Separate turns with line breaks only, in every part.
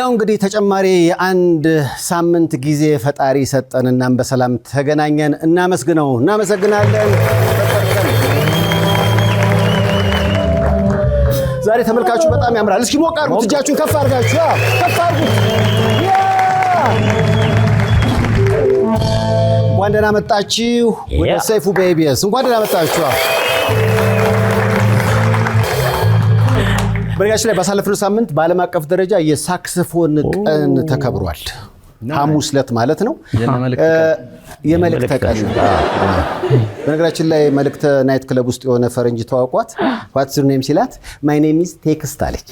ያው እንግዲህ ተጨማሪ የአንድ ሳምንት ጊዜ ፈጣሪ ሰጠን። እናም በሰላም ተገናኘን። እናመስግነው። እናመሰግናለን። ዛሬ ተመልካቹ በጣም ያምራል። እስኪ ሞቅ አርጉት፣ እጃችሁን ከፍ አርጋችሁ ከፍ አርጉት። እንኳን ደህና መጣችሁ ወደ ሰይፉ በኢቢኤስ እንኳን ደህና መጣችሁ። በነገራችን ላይ ባሳለፍነው ሳምንት በዓለም አቀፍ ደረጃ የሳክስፎን ቀን ተከብሯል። ሐሙስ ዕለት ማለት ነው። የመልእክተ ቀን በነገራችን ላይ መልእክተ ናይት ክለብ ውስጥ የሆነ ፈረንጅ ተዋውቋት ዋት ዙር ኔም ሲላት ማይ ኔም ኢዝ ቴክስት አለች።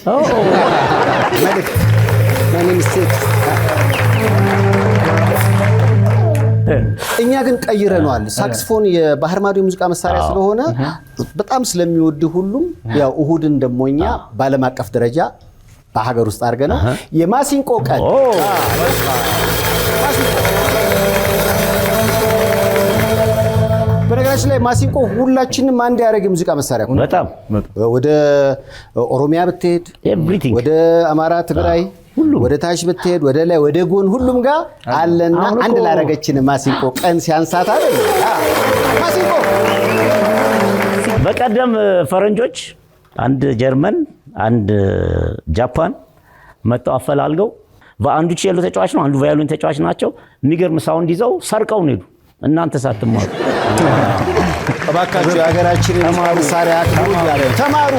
ማይ ኔም ኢዝ ቴክስት እኛ ግን ቀይረነዋል። ሳክስፎን የባህር ማዶ የሙዚቃ መሳሪያ ስለሆነ በጣም ስለሚወድ ሁሉም ያው እሁድን ደግሞ እኛ በዓለም አቀፍ ደረጃ በሀገር ውስጥ ነው የማሲንቆ ቀን በነገራችን ላይ ማሲንቆ ሁላችንም አንድ ያደረገ የሙዚቃ መሳሪያ በጣም ወደ ኦሮሚያ ብትሄድ ወደ አማራ፣ ትግራይ ወደ ታች ብትሄድ ወደ ላይ ወደ ጎን ሁሉም ጋር አለና አንድ ላረገችን ማሲንቆ ቀን ሲያንሳት አለ ማሲንቆ።
በቀደም ፈረንጆች አንድ ጀርመን አንድ ጃፓን መጥተው አፈላልገው በአንዱ ቼሎ ተጫዋች ነው፣ አንዱ ቫዮሊን ተጫዋች ናቸው። የሚገርም ሳውንድ ይዘው ሰርቀው ነው ሄዱ። እናንተ ሳትማሩ
እባካችሁ የሀገራችንን ተማሩ።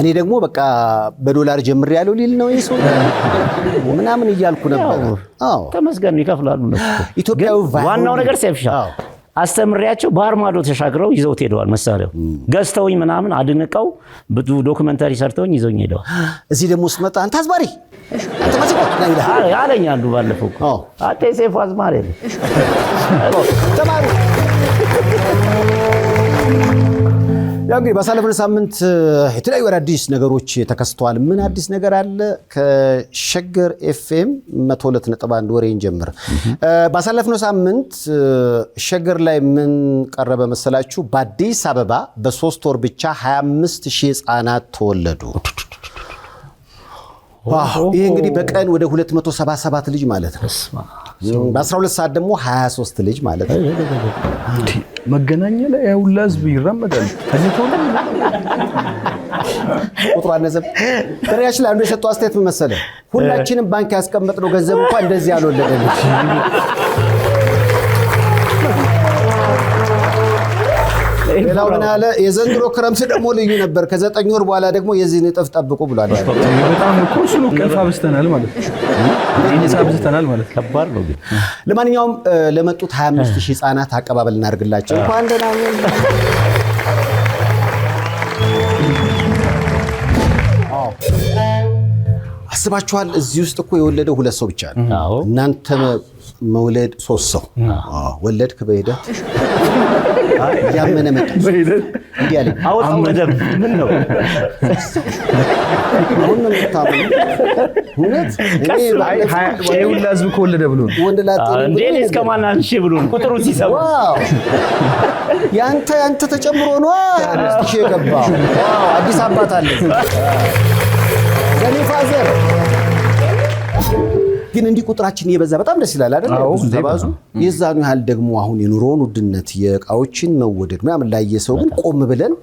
እኔ ደግሞ በቃ በዶላር ጀምር ያለው ሊል ነው ሰው ምናምን እያልኩ ነበር።
ተመስገን ይከፍላሉ። ዋናው ነገር ሴፍሻ አስተምሪያቸው በአርማዶ ተሻግረው ይዘውት ሄደዋል። መሳሪያው ገዝተውኝ ምናምን አድንቀው ብዙ ዶክመንታሪ ሰርተውኝ ይዘውኝ ሄደዋል።
እዚህ ደግሞ ስመጣ አንተ አዝማሪ
አለኝ አንዱ ባለፈው አንተ ሴፍ አዝማሪ ተማሪ
ያ እንግዲህ ባሳለፍን ሳምንት የተለያዩ አዳዲስ ነገሮች ተከስተዋል። ምን አዲስ ነገር አለ? ከሸገር ኤፍኤም መቶ ሁለት ነጥብ አንድ ወሬን ጀምር። ባሳለፍነው ሳምንት ሸገር ላይ ምን ቀረበ መሰላችሁ? በአዲስ አበባ በሶስት ወር ብቻ 25 ሺህ ህጻናት ተወለዱ። ይህ እንግዲህ በቀን ወደ 277 ልጅ ማለት ነው። በ12 ሰዓት ደግሞ 23 ልጅ ማለት ነው።
መገናኛ ላይ ያውላ ህዝብ ይራመዳል። ተኝቶ
ቁጥሩ አነዘብ በነገራችን ላይ አንዱ የሰጠው አስተያየት መሰለ ሁላችንም ባንክ ያስቀመጥነው ገንዘብ እንኳን እንደዚህ አልወለደልች ሌላው ምን አለ? የዘንድሮ ክረምት ደግሞ ልዩ ነበር። ከዘጠኝ ወር በኋላ ደግሞ የዚህን እጥፍ ጠብቁ ብሏል።
በጣም ማለት ከባድ ነው።
ለማንኛውም ለመጡት 25 ሺህ ህጻናት አቀባበል እናደርግላቸው። እንኳን ደህና አስባችኋል። እዚህ ውስጥ እኮ የወለደው ሁለት ሰው ብቻ ነው። እናንተ መውለድ ሶስት ሰው ወለድክ በሂደት እያመነ ምን
ነው አሁን ነው እውነት ከወለደ ብሎ ወንድ ብሎ ቁጥሩ ሲሰማ
ያንተ ያንተ ተጨምሮ ነው የገባ አዲስ አባት አለ ዘኔ ፋዘር ግን እንዲህ ቁጥራችን እየበዛ በጣም ደስ ይላል አይደል? ብዙ ተባዙ የዛኑ ያህል ደግሞ አሁን የኑሮውን ውድነት የእቃዎችን መወደድ ምናምን ላየ ሰው ግን ቆም ብለን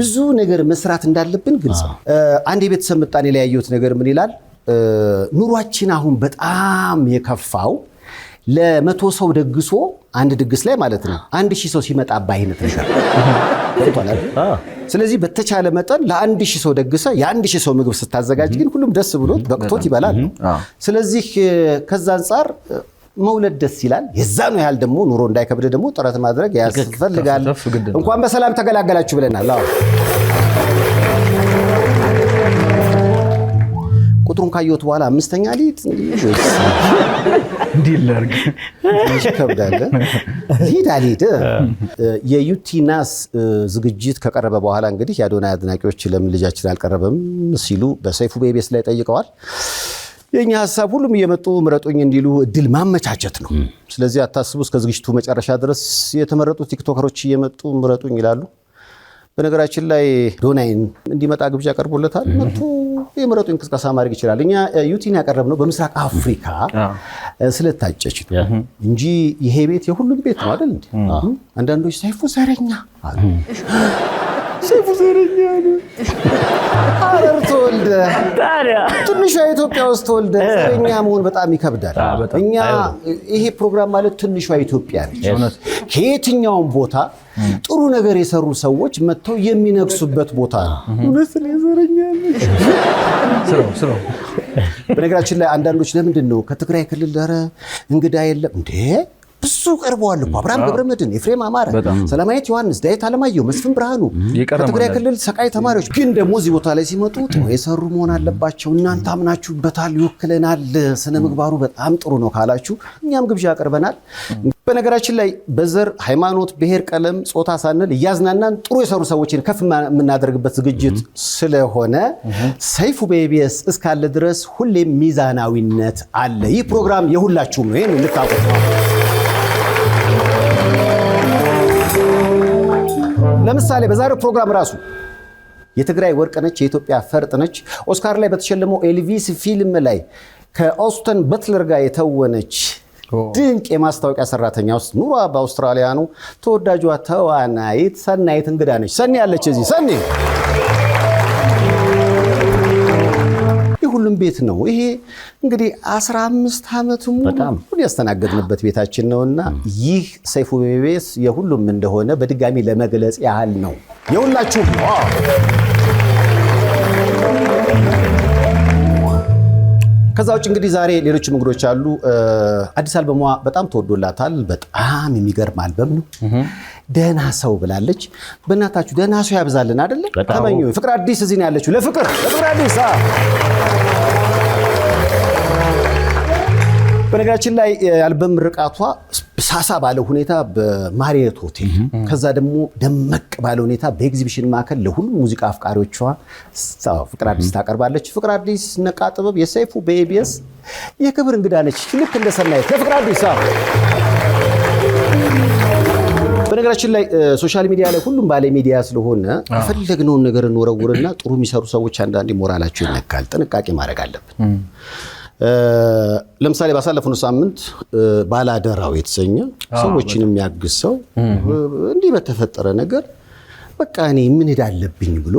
ብዙ ነገር መስራት እንዳለብን ግልጽ ነው። አንድ የቤተሰብ ምጣኔ ላይ ያየሁት ነገር ምን ይላል? ኑሯችን አሁን በጣም የከፋው ለመቶ ሰው ደግሶ አንድ ድግስ ላይ ማለት ነው አንድ ሺህ ሰው ሲመጣ አባ ነው ገብቷል። ስለዚህ በተቻለ መጠን ለአንድ ሺህ ሰው ደግሰ የአንድ ሺህ ሰው ምግብ ስታዘጋጅ ግን ሁሉም ደስ ብሎት በቅቶት ይበላል። ስለዚህ ከዛ አንጻር መውለድ ደስ ይላል። የዛኑ ያህል ደግሞ ኑሮ እንዳይከብድ ደግሞ ጥረት ማድረግ ያስፈልጋል። እንኳን በሰላም ተገላገላችሁ ብለናል። ቁጥሩን ካየሁት በኋላ አምስተኛ ሊት
እንዲህ ላድርግ ይከብዳል።
ሂድ የዩቲናስ ዝግጅት ከቀረበ በኋላ እንግዲህ የአዶናይ አድናቂዎች ለምን ልጃችን አልቀረበም ሲሉ በሰይፉ ቤቤስ ላይ ጠይቀዋል። የእኛ ሀሳብ ሁሉም እየመጡ ምረጡኝ እንዲሉ እድል ማመቻቸት ነው። ስለዚህ አታስቡ፣ እስከ ዝግጅቱ መጨረሻ ድረስ የተመረጡ ቲክቶከሮች እየመጡ ምረጡኝ ይላሉ። በነገራችን ላይ ዶናይን እንዲመጣ ግብዣ ቀርቦለታል። መጡ የምረጡ እንቅስቃሴ ማድረግ ይችላል። እኛ ዩቲን ያቀረብነው በምስራቅ አፍሪካ ስለታጨች እንጂ ይሄ ቤት የሁሉም ቤት ነው አይደል? አንዳንዶች ሰይፉ ዘረኛ ሰይፉ ዘረኛ ነው። ሐረር ተወልደህ ትንሿ ኢትዮጵያ ውስጥ ተወልደ ዘረኛ መሆን በጣም ይከብዳል። እኛ ይሄ ፕሮግራም ማለት ትንሿ ኢትዮጵያ ነች። ከየትኛውም ቦታ ጥሩ ነገር የሰሩ ሰዎች መጥተው የሚነግሱበት ቦታ ነው። ዘረኛ በነገራችን ላይ አንዳንዶች ለምንድን ነው ከትግራይ ክልል ደረ እንግዳ የለም እንዴ ብዙ ቀርበዋል እኮ አብርሃም ገብረመድህን፣ ኤፍሬም አማረ፣ ሰላማዊት ዮሐንስ፣ ዳዊት አለማየሁ፣ መስፍን ብርሃኑ ከትግራይ ክልል ሰቃይ ተማሪዎች ግን ደግሞ እዚህ ቦታ ላይ ሲመጡ ጥሩ የሰሩ መሆን አለባቸው። እናንተ አምናችሁበታል፣ ይወክለናል፣ ስነ ምግባሩ በጣም ጥሩ ነው ካላችሁ እኛም ግብዣ ያቀርበናል። በነገራችን ላይ በዘር ሃይማኖት፣ ብሔር፣ ቀለም፣ ጾታ ሳንል እያዝናናን ጥሩ የሰሩ ሰዎችን ከፍ የምናደርግበት ዝግጅት ስለሆነ ሰይፉ በኢቢኤስ እስካለ ድረስ ሁሌም ሚዛናዊነት አለ። ይህ ፕሮግራም የሁላችሁም ነው። ይህን ልታውቁት ነው። ለምሳሌ በዛሬው ፕሮግራም ራሱ የትግራይ ወርቅ ነች፣ የኢትዮጵያ ፈርጥ ነች፣ ኦስካር ላይ በተሸለመው ኤልቪስ ፊልም ላይ ከኦስተን በትለር ጋር የተወነች ድንቅ የማስታወቂያ ሰራተኛ ውስጥ ኑሯ በአውስትራሊያኑ ተወዳጇ ተዋናይት ሰናይት እንግዳ ነች። ሰኒ አለች እዚህ ሰኒ በሁሉም ቤት ነው። ይሄ እንግዲህ 15 ዓመት ሙሉ ያስተናገድንበት ቤታችን ነውና ይህ ሰይፉ ቤቤስ የሁሉም እንደሆነ በድጋሚ ለመግለጽ ያህል ነው። የሁላችሁም ከዛ ውጭ እንግዲህ ዛሬ ሌሎች እንግዶች አሉ። አዲስ አልበሟ በጣም ተወዶላታል። በጣም የሚገርም አልበም ነው። ደህና ሰው ብላለች። በእናታችሁ ደህና ሰው ያብዛልን። አደለ ተመኙ። ፍቅር አዲስ እዚህ ነው ያለችው። ለፍቅር ለፍቅር አዲስ በነገራችን ላይ የአልበም ምርቃቷ ሳሳ ባለ ሁኔታ በማሪየት ሆቴል፣ ከዛ ደግሞ ደመቅ ባለ ሁኔታ በኤግዚቢሽን ማዕከል ለሁሉም ሙዚቃ አፍቃሪዎቿ ፍቅር አዲስ ታቀርባለች። ፍቅር አዲስ ነቃ ጥበብ የሰይፉ በኤቢኤስ የክብር እንግዳ ነች። ልክ እንደሰናየት ለፍቅር አዲስ በነገራችን ላይ ሶሻል ሚዲያ ላይ ሁሉም ባለ ሚዲያ ስለሆነ የፈለግነውን ነገር እንወረውርና ጥሩ የሚሰሩ ሰዎች አንዳንዴ ሞራላቸው ይነካል። ጥንቃቄ ማድረግ አለብን። ለምሳሌ ባሳለፍነው ሳምንት ባላደራው የተሰኘ ሰዎችን የሚያግዝ ሰው እንዲህ በተፈጠረ ነገር በቃ እኔ ምን ዕዳ አለብኝ ብሎ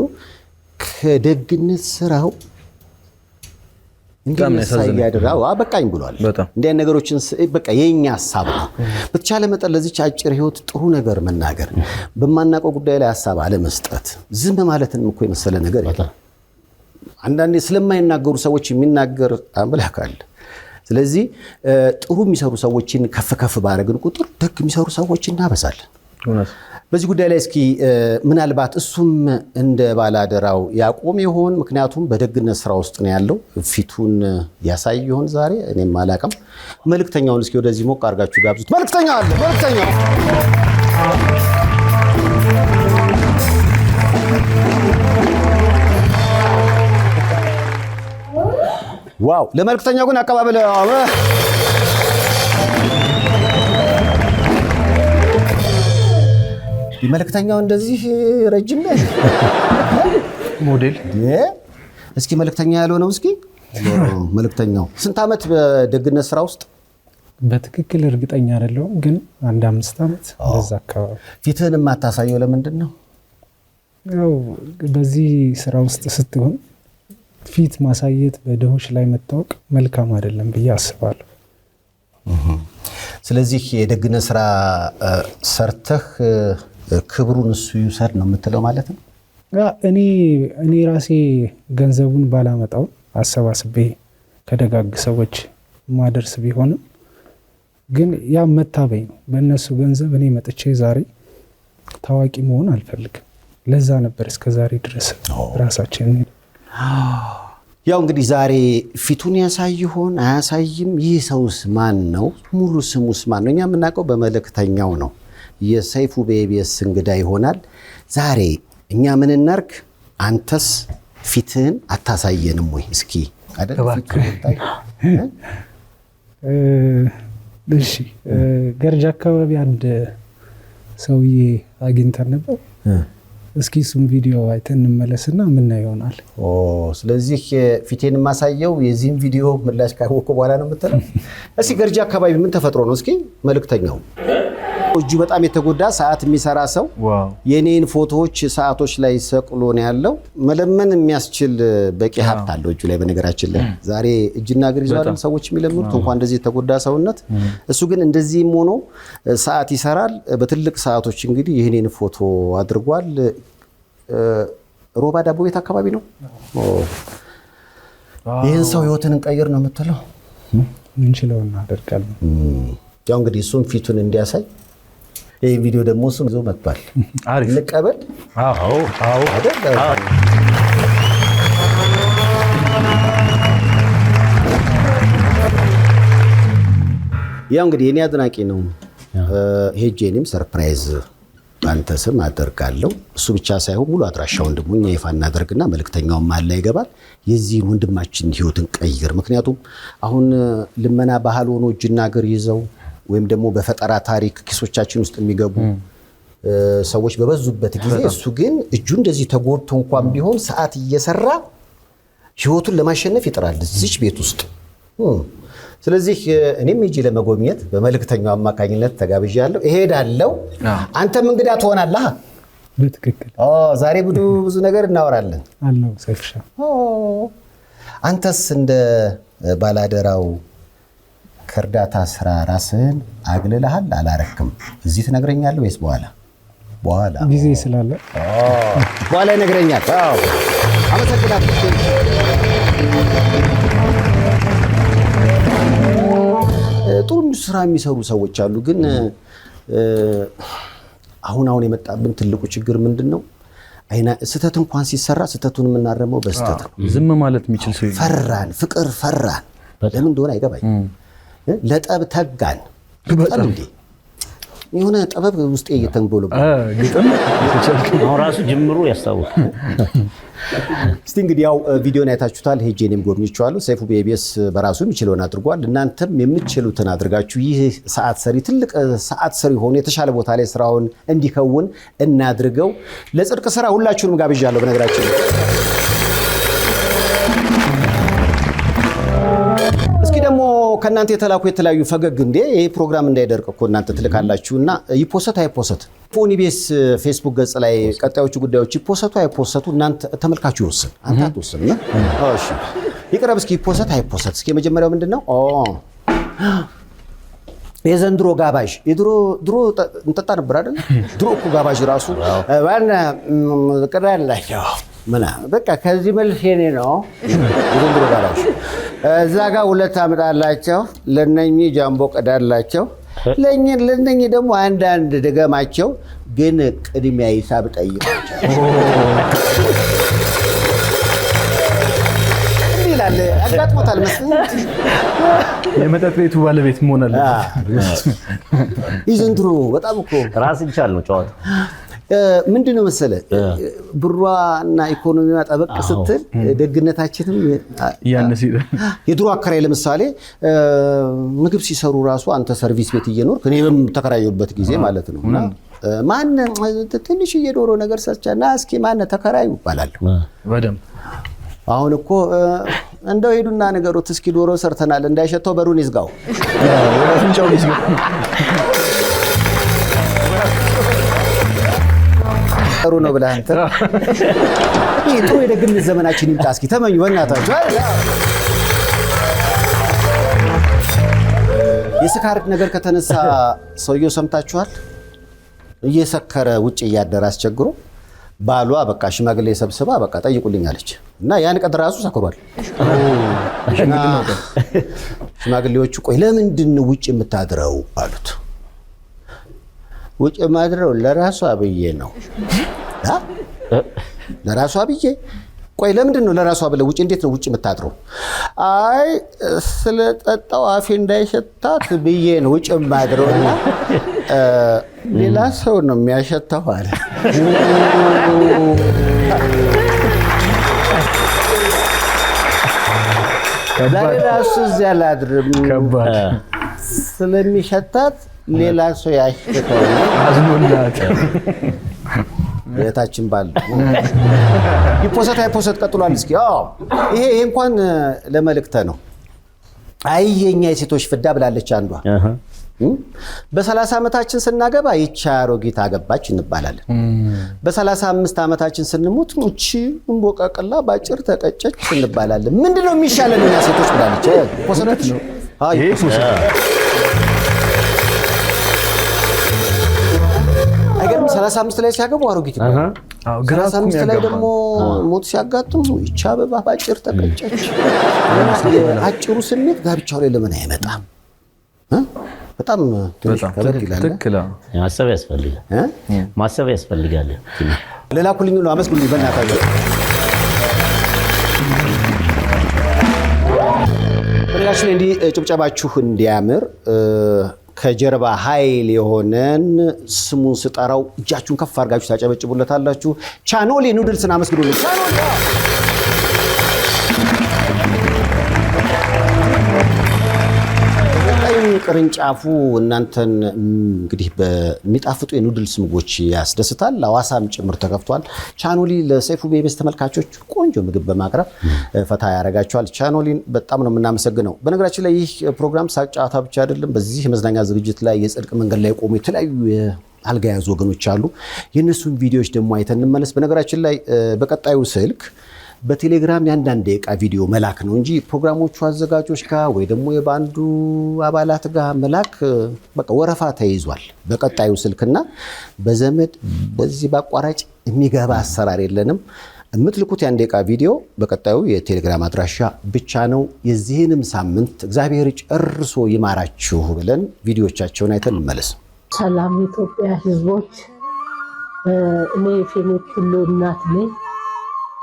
ከደግነት ስራው በቃኝ ብሏል። እንዲህ ነገሮችን በቃ የኛ ሀሳብ ነው። በተቻለ መጠን ለዚች አጭር ህይወት ጥሩ ነገር መናገር፣ በማናውቀው ጉዳይ ላይ ሀሳብ አለመስጠት፣ ዝም ማለትንም እኮ የመሰለ ነገር የለም። አንዳንዴ ስለማይናገሩ ሰዎች የሚናገር አምላክ ስለዚህ ጥሩ የሚሰሩ ሰዎችን ከፍ ከፍ ባደረግን ቁጥር ደግ የሚሰሩ ሰዎች እናበዛለን። በዚህ ጉዳይ ላይ እስኪ ምናልባት እሱም እንደ ባላደራው ያቆም ይሆን? ምክንያቱም በደግነት ስራ ውስጥ ነው ያለው። ፊቱን ያሳይ ይሆን ዛሬ? እኔም አላቅም መልክተኛውን እስኪ ወደዚህ ሞቅ አድርጋችሁ ጋብዙት። መልእክተኛ አለ፣ መልእክተኛ ዋው! ለመልእክተኛው ግን አቀባበል መልክተኛው እንደዚህ ረጅም ሞዴል። እስኪ መልክተኛ ነው እስኪ መልክተኛው ስንት ዓመት በደግነት ስራ ውስጥ
በትክክል እርግጠኛ አይደለሁም፣ ግን አንድ አምስት ዓመት በዛ
አካባቢ። ፊትህን የማታሳየው ለምንድን ነው?
ያው በዚህ ስራ ውስጥ ስትሆን ፊት ማሳየት በድሆች ላይ መታወቅ መልካም አይደለም ብዬ አስባለሁ።
ስለዚህ የደግነት ስራ ሰርተህ ክብሩን እሱ ይውሰድ ነው የምትለው ማለት ነው።
እኔ እኔ ራሴ ገንዘቡን ባላመጣው አሰባስቤ ከደጋግ ሰዎች ማደርስ ቢሆንም ግን ያ መታበይ ነው። በእነሱ ገንዘብ እኔ መጥቼ ዛሬ ታዋቂ መሆን አልፈልግም። ለዛ ነበር እስከ ዛሬ ድረስ ራሳችን
ያው እንግዲህ ዛሬ ፊቱን ያሳይ ይሆን አያሳይም? ይህ ሰውስ ማን ነው? ሙሉ ስሙስ ማን ነው? እኛ የምናውቀው በመልእክተኛው ነው። የሰይፉ በኢቢኤስ እንግዳ ይሆናል። ዛሬ እኛ ምን እናርግ? አንተስ ፊትህን አታሳየንም ወይ? እስኪ
እሺ። ገርጅ አካባቢ አንድ ሰውዬ አግኝተን ነበር። እስኪ እሱም ቪዲዮ አይተን እንመለስና ምና ይሆናል።
ስለዚህ ፊቴን የማሳየው የዚህም ቪዲዮ ምላሽ ካወቅኩ በኋላ ነው የምትለው። እስኪ ገርጂ አካባቢ ምን ተፈጥሮ ነው? እስኪ መልእክተኛው እጁ በጣም የተጎዳ ሰዓት የሚሰራ ሰው የኔን ፎቶዎች ሰዓቶች ላይ ሰቅሎ ነው ያለው። መለመን የሚያስችል በቂ ሀብት አለው እጁ ላይ። በነገራችን ላይ ዛሬ እጅና እግር ይዘዋል ሰዎች የሚለምኑት እንኳን እንደዚህ የተጎዳ ሰውነት። እሱ ግን እንደዚህም ሆኖ ሰዓት ይሰራል። በትልቅ ሰዓቶች እንግዲህ ይህኔን ፎቶ አድርጓል። ሮባ ዳቦ ቤት አካባቢ ነው። ይህን ሰው ህይወትን እንቀይር ነው የምትለው።
ምንችለውን እናደርጋለን።
ያው እንግዲህ እሱም ፊቱን እንዲያሳይ ይህ ቪዲዮ ደግሞ እሱም ይዞ መጥቷል። ልቀበል ያው እንግዲህ የኔ አድናቂ ነው። ሄጄ እኔም ሰርፕራይዝ በአንተ ስም አደርጋለሁ። እሱ ብቻ ሳይሆን ሙሉ አድራሻ ወንድሙ እኛ ይፋ እናደርግና መልእክተኛውም አለ ይገባል። የዚህን ወንድማችን ህይወትን ቀይር። ምክንያቱም አሁን ልመና ባህል ሆኖ እጅና እግር ይዘው ወይም ደግሞ በፈጠራ ታሪክ ኪሶቻችን ውስጥ የሚገቡ ሰዎች በበዙበት ጊዜ እሱ ግን እጁ እንደዚህ ተጎድቶ እንኳን ቢሆን ሰዓት እየሰራ ህይወቱን ለማሸነፍ ይጥራል እዚች ቤት ውስጥ። ስለዚህ እኔም ሂጂ ለመጎብኘት በመልእክተኛው አማካኝነት ተጋብዣለሁ፣ እሄዳለሁ። አንተም እንግዳ ትሆናለህ። በትክክል ዛሬ ብዙ ብዙ ነገር እናወራለን። አንተስ እንደ ባላደራው ከእርዳታ ስራ ራስህን አግልልሃል አላረክም። እዚህ ትነግረኛለህ ወይስ በኋላ? በኋላ ጊዜ ስላለ በኋላ ይነግረኛል። አመሰግናለሁ። ጥሩ ስራ የሚሰሩ ሰዎች አሉ። ግን አሁን አሁን የመጣብን ትልቁ ችግር ምንድን ነው? ስህተት እንኳን ሲሰራ ስህተቱን የምናረመው በስህተት
ነው። ዝም ማለት የሚችል ሰው
ፈራን፣ ፍቅር ፈራን። ለምን እንደሆነ አይገባኝ ለጠብ ተጋን እንዴ የሆነ ጠበብ ውስጤ እየተንጎሎ
አሁን ራሱ ጅምሩ ያስታውሳል።
እስቲ እንግዲህ ያው ቪዲዮን አይታችሁታል። ሄጄ እኔም ጎብኝቼዋለሁ። ሰይፉ በኢቢኤስ በራሱ የሚችለውን አድርጓል። እናንተም የምትችሉትን አድርጋችሁ ይህ ሰዓት ሰሪ ትልቅ ሰዓት ሰሪ ሆኖ የተሻለ ቦታ ላይ ስራውን እንዲከውን እናድርገው። ለጽድቅ ስራ ሁላችሁንም ጋብዣለሁ በነገራችን ከእናንተ የተላኩ የተለያዩ ፈገግ እንዴ ይህ ፕሮግራም እንዳይደርቅ እኮ እናንተ ትልካላችሁ እና ይፖሰት አይፖሰት ፎኒቤስ ፌስቡክ ገጽ ላይ ቀጣዮቹ ጉዳዮች ይፖሰቱ አይፖሰቱ እናንተ ተመልካቹ ይወስን፣ አንተ አትወስን። ይቅረብ እስኪ ይፖሰት አይፖሰት እስኪ የመጀመሪያው ምንድን ነው? የዘንድሮ ጋባዥ ድሮ እንጠጣ ነበር አይደል? ድሮ እኮ ጋባዥ ራሱ ቅዳ ያላቸው ምናምን በቃ ከዚህ መልስ የኔ ነው። እዛ ጋር ሁለት አላቸው ለነኚህ ጃምቦ ቀዳላቸው ለእነኚህ ደግሞ አንዳንድ ድገማቸው፣ ግን ቅድሚያ ሂሳብ ጠይቃቸው
ይላል። አጋጥሞታል መሰለኝ የመጠጥ ቤቱ ባለቤት መሆን አለበት።
ይዘንድሮ በጣም እኮ
ራስ ይቻል ነው ጨዋታ
ምንድን ነው መሰለ ብሯ እና ኢኮኖሚዋ ጠበቅ ስትል ደግነታችንም የድሮ አከራይ ለምሳሌ ምግብ ሲሰሩ ራሱ አንተ ሰርቪስ ቤት እየኖርክ እኔ በምተከራየሁበት ጊዜ ማለት ነው ማን ትንሽ የዶሮ ነገር ሰጫ ና እስኪ ማነ ተከራዩ ይባላለሁ። አሁን እኮ እንደው ሄዱና ነገሩት እስኪ ዶሮ ሰርተናል እንዳይሸተው በሩን ይዝጋው። ጥሩ ነው ብለህ አንተ ጥሩ የደግነት ዘመናችን ይምጣ። እስኪ ተመኙ በእናታችሁ። የስካር ነገር ከተነሳ ሰውየው ሰምታችኋል። እየሰከረ ውጭ እያደረ አስቸግሮ ባሏ በቃ ሽማግሌ ሰብስባ በቃ ጠይቁልኝ አለች እና ያን ቀን ራሱ ሰክሯል። ሽማግሌዎቹ ቆይ ለምንድን ውጭ የምታድረው አሉት። ውጭ የማድረው ለራሷ ብዬ ነው ለራሷ ብዬ ቆይ ለምንድን ነው ለራሷ ብለህ ውጭ እንዴት ነው ውጭ የምታድረው አይ ስለጠጣው አፌ እንዳይሸታት ብዬ ነው ውጭ የማድረው እና ሌላ ሰው ነው የሚያሸታው አለ። ራሱ እዚያ ላድርም ስለሚሸታት ሌላ ሰው ያሸታው አዝኖላት ቤታችን ባል ይፖሰት አይፖሰት ቀጥሏል። እስኪ ይሄ እንኳን ለመልእክተ ነው። አይ የኛ የሴቶች ፍዳ ብላለች አንዷ። በሰላሳ ዓመታችን ስናገባ ይቺ አሮጊት አገባች እንባላለን። በሰላሳ አምስት ዓመታችን ስንሞት እቺ እንቦቀቅላ ባጭር ተቀጨች እንባላለን። ምንድነው የሚሻለን እኛ ሴቶች ብላለች። ሰላሳ አምስት ላይ ሲያገቡ አሮጊት ይባላል። ሰላሳ አምስት ላይ ደግሞ ሞት ሲያጋጥሙ ይቺ አበባ በአጭር ተቀጨች። አጭሩ ስሜት ጋብቻው ላይ ለምን አይመጣም? በጣም
ትክክል። ማሰብ ያስፈልጋል። ማሰብ ያስፈልጋል።
ሌላ ኩልኝ ነው። አመስግኑኝ በእናታችሁ። እንዲህ ጭብጨባችሁ እንዲያምር ከጀርባ ኃይል የሆነን ስሙን ስጠራው እጃችሁን ከፍ አድርጋችሁ ታጨበጭቡለታላችሁ። ቻኖሌ ኑድልስን አመስግዱልን። ቅርንጫፉ እናንተን እንግዲህ በሚጣፍጡ የኑድልስ ምግቦች ያስደስታል። ለሐዋሳም ጭምር ተከፍቷል። ቻኖሊ ለሰይፉ ቤቤስ ተመልካቾች ቆንጆ ምግብ በማቅረብ ፈታ ያደርጋቸዋል። ቻኖሊን በጣም ነው የምናመሰግነው። በነገራችን ላይ ይህ ፕሮግራም ሳቅ ጨዋታ ብቻ አይደለም። በዚህ መዝናኛ ዝግጅት ላይ የጽድቅ መንገድ ላይ የቆሙ የተለያዩ አልጋ የያዙ ወገኖች አሉ። የእነሱን ቪዲዮዎች ደግሞ አይተን እንመለስ። በነገራችን ላይ በቀጣዩ ስልክ በቴሌግራም የአንዳንድ ደቂቃ ቪዲዮ መላክ ነው እንጂ ፕሮግራሞቹ አዘጋጆች ጋር ወይ ደግሞ የባንዱ አባላት ጋር መላክ በቃ ወረፋ ተይዟል። በቀጣዩ ስልክና በዘመድ በዚህ በአቋራጭ የሚገባ አሰራር የለንም። የምትልኩት የአንድ ደቂቃ ቪዲዮ በቀጣዩ የቴሌግራም አድራሻ ብቻ ነው። የዚህንም ሳምንት እግዚአብሔር ጨርሶ ይማራችሁ ብለን ቪዲዮቻቸውን አይተን እንመለስ።
ሰላም ኢትዮጵያ ህዝቦች፣ እኔ ፌሜት ሁሉ እናት ነኝ።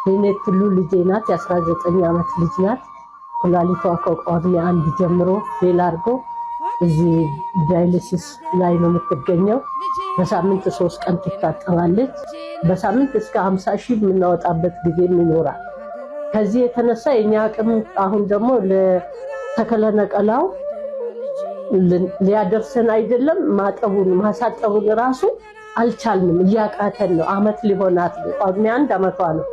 የኔ ትሉ ልጄ ናት። የ19 ዓመት ልጅ ናት። ኩላሊቷ ከጳጉሜ አንድ ጀምሮ ፌል አድርጎ እዚህ ዳይሊሲስ ላይ ነው የምትገኘው። በሳምንት ሶስት ቀን ትታጠባለች። በሳምንት እስከ ሀምሳ ሺህ የምናወጣበት ጊዜም ይኖራል። ከዚህ የተነሳ የኛ አቅም አሁን ደግሞ ለተከለ ነቀላው ሊያደርሰን አይደለም። ማጠቡን ማሳጠቡን ራሱ አልቻልንም፣ እያቃተን ነው። አመት ሊሆናት ጳጉሜ አንድ አመቷ ነው።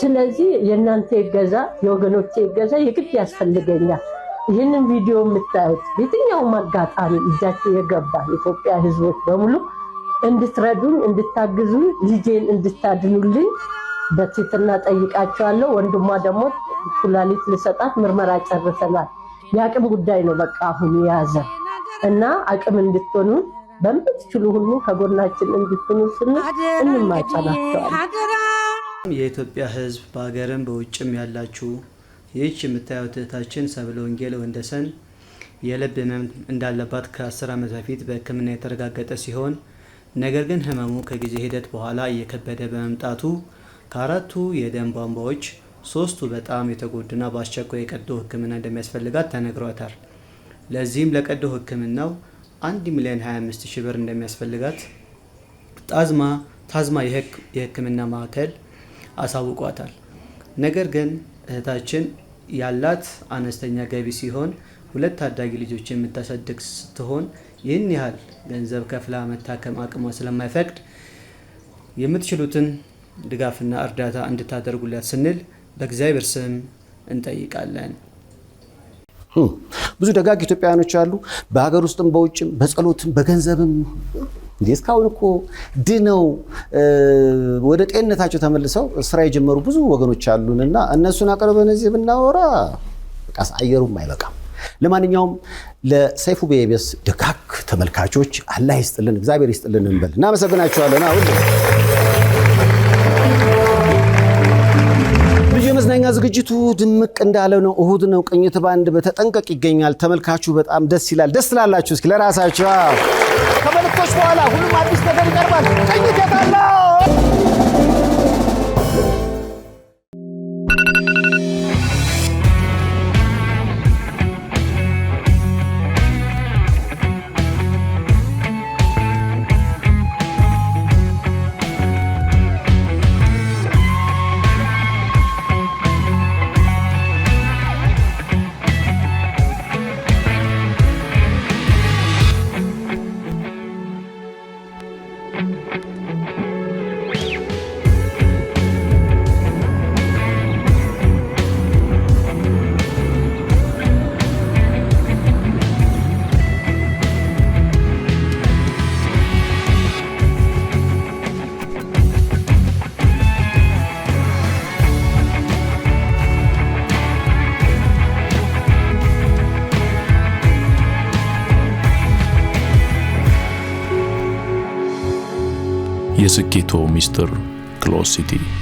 ስለዚህ የእናንተ እገዛ የወገኖች እገዛ የግድ ያስፈልገኛል። ይህንን ቪዲዮ የምታዩት የትኛውም አጋጣሚ እጃቸው የገባ የኢትዮጵያ ሕዝቦች በሙሉ እንድትረዱኝ፣ እንድታግዙ፣ ልጄን እንድታድኑልኝ በትህትና ጠይቃቸዋለሁ። ወንድሟ ደግሞ ኩላሊት ልሰጣት ምርመራ ጨርሰናል። የአቅም ጉዳይ ነው በቃ አሁን የያዘ እና አቅም እንድትሆኑ በምትችሉ ሁሉ ከጎናችን እንድትሆኑ ስንል
እንማጸናቸዋለን። የኢትዮጵያ ሕዝብ በሀገርም በውጭም ያላችሁ ይህች የምታዩት እህታችን ሰብለ ወንጌል ወንደሰን የልብ ህመም እንዳለባት ከአስር ዓመት በፊት በሕክምና የተረጋገጠ ሲሆን ነገር ግን ህመሙ ከጊዜ ሂደት በኋላ እየከበደ በመምጣቱ ከአራቱ የደም ቧንቧዎች ሶስቱ በጣም የተጎዱና በአስቸኳይ የቀዶ ሕክምና እንደሚያስፈልጋት ተነግሯታል። ለዚህም ለቀዶ ሕክምናው 1 ሚሊዮን 25 ሺህ ብር እንደሚያስፈልጋት ጣዝማ ታዝማ የህክምና ማዕከል አሳውቋታል። ነገር ግን እህታችን ያላት አነስተኛ ገቢ ሲሆን ሁለት ታዳጊ ልጆች የምታሳድግ ስትሆን ይህን ያህል ገንዘብ ከፍላ መታከም አቅሟ ስለማይፈቅድ የምትችሉትን ድጋፍና እርዳታ እንድታደርጉላት ስንል በእግዚአብሔር ስም እንጠይቃለን።
ብዙ ደጋግ ኢትዮጵያውያኖች አሉ፣ በሀገር ውስጥም በውጭም፣ በጸሎትም በገንዘብም እንዴ እስካሁን እኮ ድነው ወደ ጤንነታቸው ተመልሰው ስራ የጀመሩ ብዙ ወገኖች እና እነሱን አቅርበን እዚህ ብናወራ አየሩም አይበቃም። ለማንኛውም ለሰይፉ ቤቤስ ደጋግ ተመልካቾች አላህ ይስጥልን፣ እግዚአብሔር ይስጥልን እንበል። እናመሰግናቸዋለን። አሁን ልዩ የመዝናኛ ዝግጅቱ ድምቅ እንዳለ ነው። እሁድ ነው። ቅኝት ባንድ በተጠንቀቅ ይገኛል። ተመልካቹ በጣም ደስ ይላል። ደስ ላላችሁ እስኪ ለራሳችሁ ከደቂቆች በኋላ ሁሉም አዲስ ነገር ይቀርባል። ቅኝት የት አለው? የስኬቶ ሚስጥር ክሎሲቲ ሲቲ